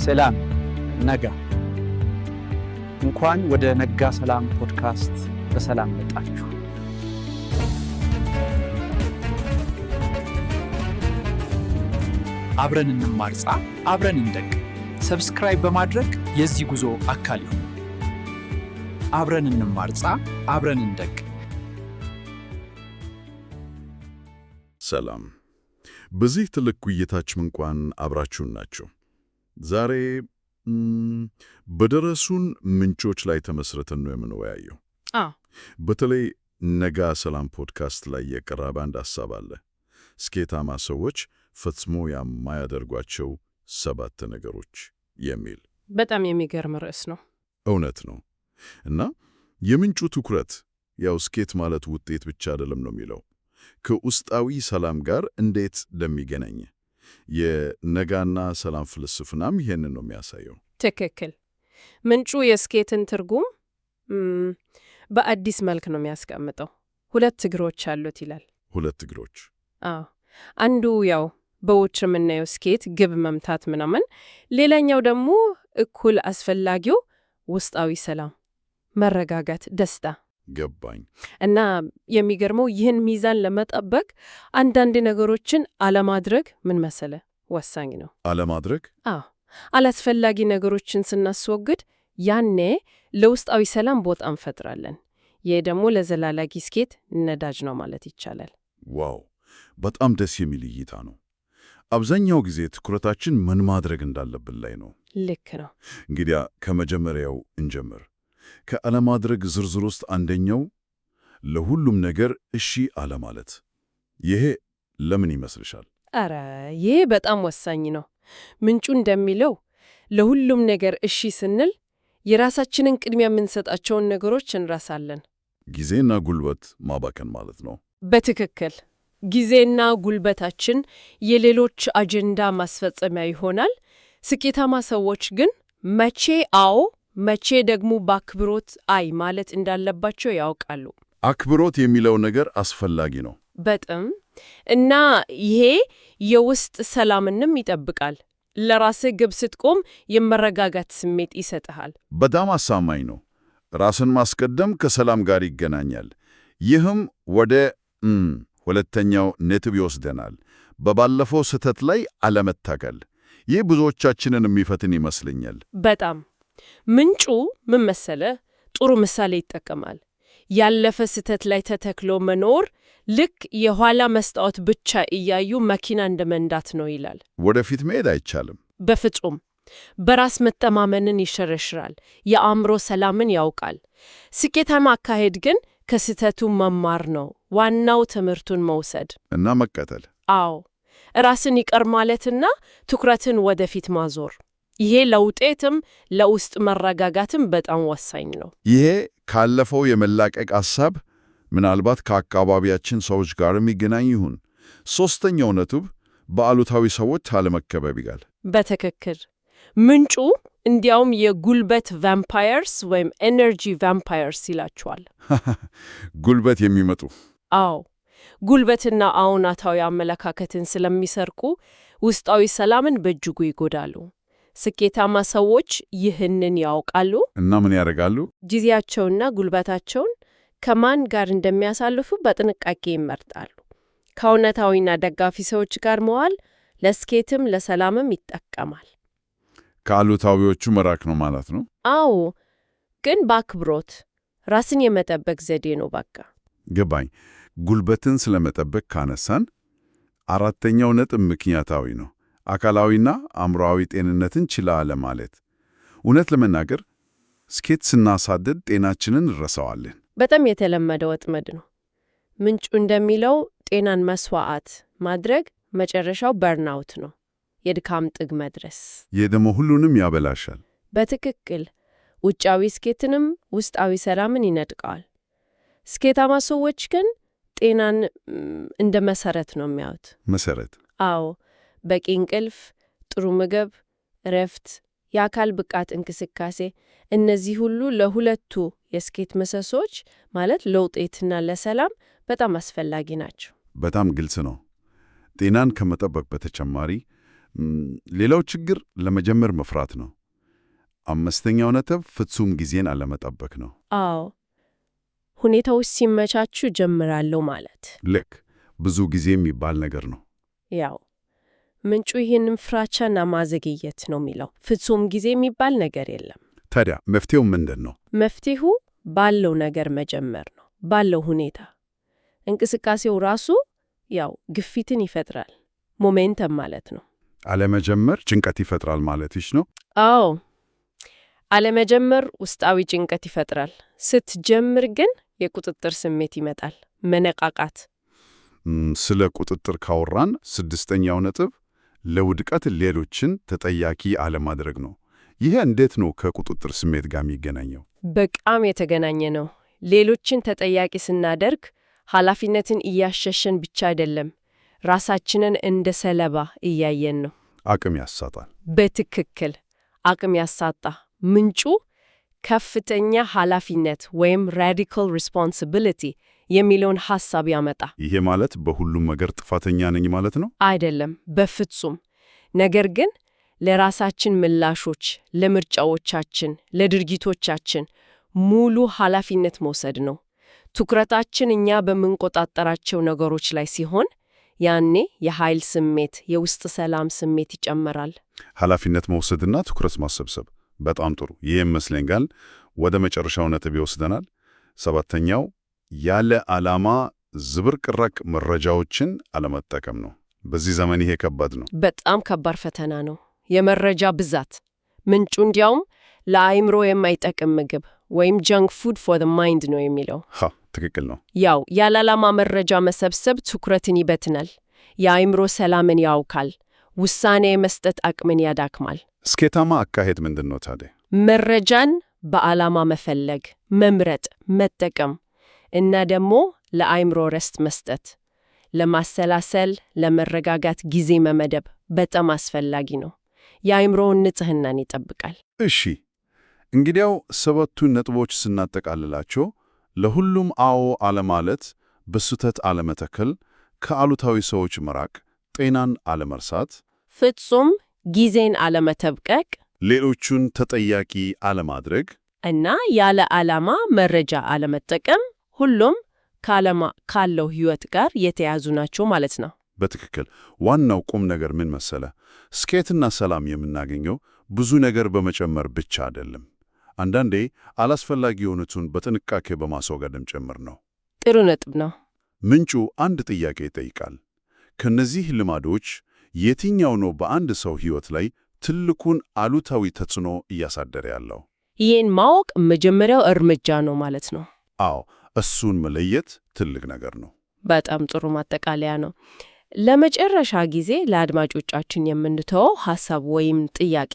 ሰላም ነጋ። እንኳን ወደ ነጋ ሰላም ፖድካስት በሰላም መጣችሁ። አብረን እንማርፃ አብረን እንደቅ። ሰብስክራይብ በማድረግ የዚህ ጉዞ አካል ይሁን። አብረን እንማርፃ አብረን እንደቅ። ሰላም። በዚህ ትልቅ ውይይታችን እንኳን አብራችሁን ናቸው። ዛሬ በደረሱን ምንጮች ላይ ተመስርተን ነው የምንወያየው። በተለይ ነጋ ሰላም ፖድካስት ላይ የቀረበ አንድ ሀሳብ አለ። ስኬታማ ሰዎች ፈጽሞ የማያደርጓቸው ሰባት ነገሮች የሚል በጣም የሚገርም ርዕስ ነው። እውነት ነው። እና የምንጩ ትኩረት ያው ስኬት ማለት ውጤት ብቻ አይደለም ነው የሚለው ከውስጣዊ ሰላም ጋር እንዴት እንደሚገናኝ የነጋና ሰላም ፍልስፍናም ይሄንን ነው የሚያሳየው። ትክክል። ምንጩ የስኬትን ትርጉም በአዲስ መልክ ነው የሚያስቀምጠው። ሁለት እግሮች አሉት ይላል። ሁለት እግሮች። አዎ፣ አንዱ ያው በውጭ የምናየው ስኬት ግብ መምታት ምናምን፣ ሌላኛው ደግሞ እኩል አስፈላጊው ውስጣዊ ሰላም፣ መረጋጋት፣ ደስታ ገባኝ። እና የሚገርመው ይህን ሚዛን ለመጠበቅ አንዳንድ ነገሮችን አለማድረግ ምን መሰለ ወሳኝ ነው። አለማድረግ አዎ፣ አላስፈላጊ ነገሮችን ስናስወግድ ያኔ ለውስጣዊ ሰላም ቦታ እንፈጥራለን። ይህ ደግሞ ለዘላላጊ ስኬት ነዳጅ ነው ማለት ይቻላል። ዋው በጣም ደስ የሚል እይታ ነው። አብዛኛው ጊዜ ትኩረታችን ምን ማድረግ እንዳለብን ላይ ነው። ልክ ነው። እንግዲያ ከመጀመሪያው እንጀምር። ከአለማድረግ ዝርዝር ውስጥ አንደኛው ለሁሉም ነገር እሺ አለማለት። ይሄ ለምን ይመስልሻል? አረ ይሄ በጣም ወሳኝ ነው። ምንጩ እንደሚለው ለሁሉም ነገር እሺ ስንል የራሳችንን ቅድሚያ የምንሰጣቸውን ነገሮች እንረሳለን። ጊዜና ጉልበት ማባከን ማለት ነው። በትክክል ጊዜና ጉልበታችን የሌሎች አጀንዳ ማስፈጸሚያ ይሆናል። ስኬታማ ሰዎች ግን መቼ አዎ መቼ ደግሞ በአክብሮት አይ ማለት እንዳለባቸው ያውቃሉ። አክብሮት የሚለው ነገር አስፈላጊ ነው በጣም እና ይሄ የውስጥ ሰላምንም ይጠብቃል። ለራስህ ግብ ስትቆም የመረጋጋት ስሜት ይሰጥሃል። በጣም አሳማኝ ነው። ራስን ማስቀደም ከሰላም ጋር ይገናኛል። ይህም ወደ ሁለተኛው ነጥብ ይወስደናል፣ በባለፈው ስህተት ላይ አለመታከል። ይህ ብዙዎቻችንን የሚፈትን ይመስለኛል በጣም ምንጩ ምን መሰለ? ጥሩ ምሳሌ ይጠቀማል። ያለፈ ስህተት ላይ ተተክሎ መኖር ልክ የኋላ መስታወት ብቻ እያዩ መኪና እንደ መንዳት ነው ይላል። ወደፊት መሄድ አይቻልም በፍጹም። በራስ መተማመንን ይሸረሽራል፣ የአእምሮ ሰላምን ያውቃል። ስኬታማ አካሄድ ግን ከስህተቱ መማር ነው፣ ዋናው ትምህርቱን መውሰድ እና መቀጠል። አዎ ራስን ይቅር ማለትና ትኩረትን ወደፊት ማዞር። ይሄ ለውጤትም ለውስጥ መረጋጋትም በጣም ወሳኝ ነው። ይሄ ካለፈው የመላቀቅ ሐሳብ ምናልባት ከአካባቢያችን ሰዎች ጋር የሚገናኝ ይሁን። ሦስተኛው ነጥብ በአሉታዊ ሰዎች አለመከበብ ይላል። በትክክል ምንጩ እንዲያውም የጉልበት ቫምፓየርስ ወይም ኤነርጂ ቫምፓየርስ ይላቸዋል። ጉልበት የሚመጡ አዎ፣ ጉልበትና አዎንታዊ አመለካከትን ስለሚሰርቁ ውስጣዊ ሰላምን በእጅጉ ይጎዳሉ። ስኬታማ ሰዎች ይህንን ያውቃሉ እና ምን ያደርጋሉ? ጊዜያቸውና ጉልበታቸውን ከማን ጋር እንደሚያሳልፉ በጥንቃቄ ይመርጣሉ። ከእውነታዊና ደጋፊ ሰዎች ጋር መዋል ለስኬትም ለሰላምም ይጠቀማል። ከአሉታዊዎቹ መራቅ ነው ማለት ነው። አዎ፣ ግን በአክብሮት ራስን የመጠበቅ ዘዴ ነው። በቃ ገባኝ። ጉልበትን ስለመጠበቅ ካነሳን አራተኛው ነጥብ ምክንያታዊ ነው። አካላዊና አእምሮአዊ ጤንነትን ችላ ለማለት። እውነት ለመናገር ስኬት ስናሳድድ ጤናችንን እንረሳዋለን። በጣም የተለመደ ወጥመድ ነው። ምንጩ እንደሚለው ጤናን መስዋዕት ማድረግ መጨረሻው በርናውት ነው፣ የድካም ጥግ መድረስ። ይህ ደግሞ ሁሉንም ያበላሻል። በትክክል ውጫዊ ስኬትንም ውስጣዊ ሰላምን ይነጥቀዋል። ስኬታማ ሰዎች ግን ጤናን እንደ መሰረት ነው የሚያዩት። መሰረት? አዎ በቂ እንቅልፍ፣ ጥሩ ምግብ፣ እረፍት፣ የአካል ብቃት እንቅስቃሴ፣ እነዚህ ሁሉ ለሁለቱ የስኬት ምሰሶዎች ማለት ለውጤትና ለሰላም በጣም አስፈላጊ ናቸው። በጣም ግልጽ ነው። ጤናን ከመጠበቅ በተጨማሪ ሌላው ችግር ለመጀመር መፍራት ነው። አምስተኛው ነጥብ ፍጹም ጊዜን አለመጠበቅ ነው። አዎ፣ ሁኔታዎች ሲመቻቹ ጀምራለሁ ማለት ልክ ብዙ ጊዜ የሚባል ነገር ነው ያው ምንጩ ይህንን ፍራቻና ማዘግየት ነው የሚለው። ፍጹም ጊዜ የሚባል ነገር የለም። ታዲያ መፍትሄው ምንድን ነው? መፍትሄው ባለው ነገር መጀመር ነው፣ ባለው ሁኔታ። እንቅስቃሴው ራሱ ያው ግፊትን ይፈጥራል፣ ሞሜንተም ማለት ነው። አለመጀመር ጭንቀት ይፈጥራል ማለትሽ ነው? አዎ፣ አለመጀመር ውስጣዊ ጭንቀት ይፈጥራል። ስትጀምር ግን የቁጥጥር ስሜት ይመጣል፣ መነቃቃት። ስለ ቁጥጥር ካወራን ስድስተኛው ነጥብ ለውድቀት ሌሎችን ተጠያቂ አለማድረግ ነው። ይሄ እንዴት ነው ከቁጥጥር ስሜት ጋር የሚገናኘው? በጣም የተገናኘ ነው። ሌሎችን ተጠያቂ ስናደርግ ኃላፊነትን እያሸሸን ብቻ አይደለም፣ ራሳችንን እንደ ሰለባ እያየን ነው። አቅም ያሳጣል። በትክክል አቅም ያሳጣ። ምንጩ ከፍተኛ ኃላፊነት ወይም ራዲካል ሪስፖንሲቢሊቲ የሚለውን ሐሳብ ያመጣ። ይሄ ማለት በሁሉም ነገር ጥፋተኛ ነኝ ማለት ነው? አይደለም፣ በፍጹም ነገር ግን ለራሳችን ምላሾች፣ ለምርጫዎቻችን፣ ለድርጊቶቻችን ሙሉ ኃላፊነት መውሰድ ነው። ትኩረታችን እኛ በምንቆጣጠራቸው ነገሮች ላይ ሲሆን ያኔ የኃይል ስሜት፣ የውስጥ ሰላም ስሜት ይጨመራል። ኃላፊነት መውሰድና ትኩረት ማሰብሰብ በጣም ጥሩ። ይህ ይመስለኛል ወደ መጨረሻው ነጥብ ይወስደናል። ሰባተኛው ያለ ዓላማ ዝብርቅራቅ መረጃዎችን አለመጠቀም ነው። በዚህ ዘመን ይሄ ከባድ ነው። በጣም ከባድ ፈተና ነው። የመረጃ ብዛት ምንጩ እንዲያውም ለአይምሮ የማይጠቅም ምግብ ወይም ጃንክ ፉድ ፎር ዘ ማይንድ ነው የሚለው። ትክክል ነው። ያው ያለ ዓላማ መረጃ መሰብሰብ ትኩረትን ይበትናል፣ የአይምሮ ሰላምን ያውካል፣ ውሳኔ የመስጠት አቅምን ያዳክማል። ስኬታማ አካሄድ ምንድን ነው ታዲያ? መረጃን በዓላማ መፈለግ፣ መምረጥ፣ መጠቀም እና ደግሞ ለአይምሮ ረስት መስጠት፣ ለማሰላሰል ለመረጋጋት ጊዜ መመደብ በጣም አስፈላጊ ነው። የአይምሮውን ንጽህናን ይጠብቃል። እሺ እንግዲያው ሰባቱን ነጥቦች ስናጠቃልላቸው ለሁሉም አዎ አለማለት፣ በስህተት አለመተከል፣ ከአሉታዊ ሰዎች መራቅ፣ ጤናን አለመርሳት፣ ፍጹም ጊዜን አለመተብቀቅ፣ ሌሎቹን ተጠያቂ አለማድረግ እና ያለ ዓላማ መረጃ አለመጠቀም ሁሉም ከዓለማ ካለው ህይወት ጋር የተያዙ ናቸው ማለት ነው። በትክክል ዋናው ቁም ነገር ምን መሰለ፣ ስኬትና ሰላም የምናገኘው ብዙ ነገር በመጨመር ብቻ አይደለም። አንዳንዴ አላስፈላጊ የሆኑትን በጥንቃቄ በማስወገድም ጭምር ነው። ጥሩ ነጥብ ነው። ምንጩ አንድ ጥያቄ ይጠይቃል። ከነዚህ ልማዶች የትኛው ነው በአንድ ሰው ህይወት ላይ ትልቁን አሉታዊ ተጽዕኖ እያሳደረ ያለው? ይህን ማወቅ መጀመሪያው እርምጃ ነው ማለት ነው። አዎ እሱን መለየት ትልቅ ነገር ነው። በጣም ጥሩ ማጠቃለያ ነው። ለመጨረሻ ጊዜ ለአድማጮቻችን የምንተወው ሀሳብ ወይም ጥያቄ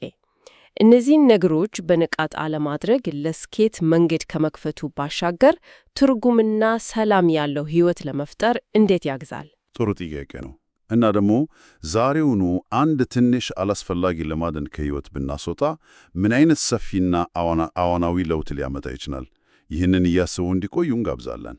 እነዚህን ነገሮች በንቃት አለማድረግ ለስኬት መንገድ ከመክፈቱ ባሻገር ትርጉምና ሰላም ያለው ሕይወት ለመፍጠር እንዴት ያግዛል? ጥሩ ጥያቄ ነው እና ደግሞ ዛሬውኑ አንድ ትንሽ አላስፈላጊ ልማድን ከሕይወት ብናስወጣ ምን አይነት ሰፊና አዋናዊ ለውጥ ሊያመጣ ይችላል? ይህንን እያሰቡ እንዲቆዩ እንጋብዛለን።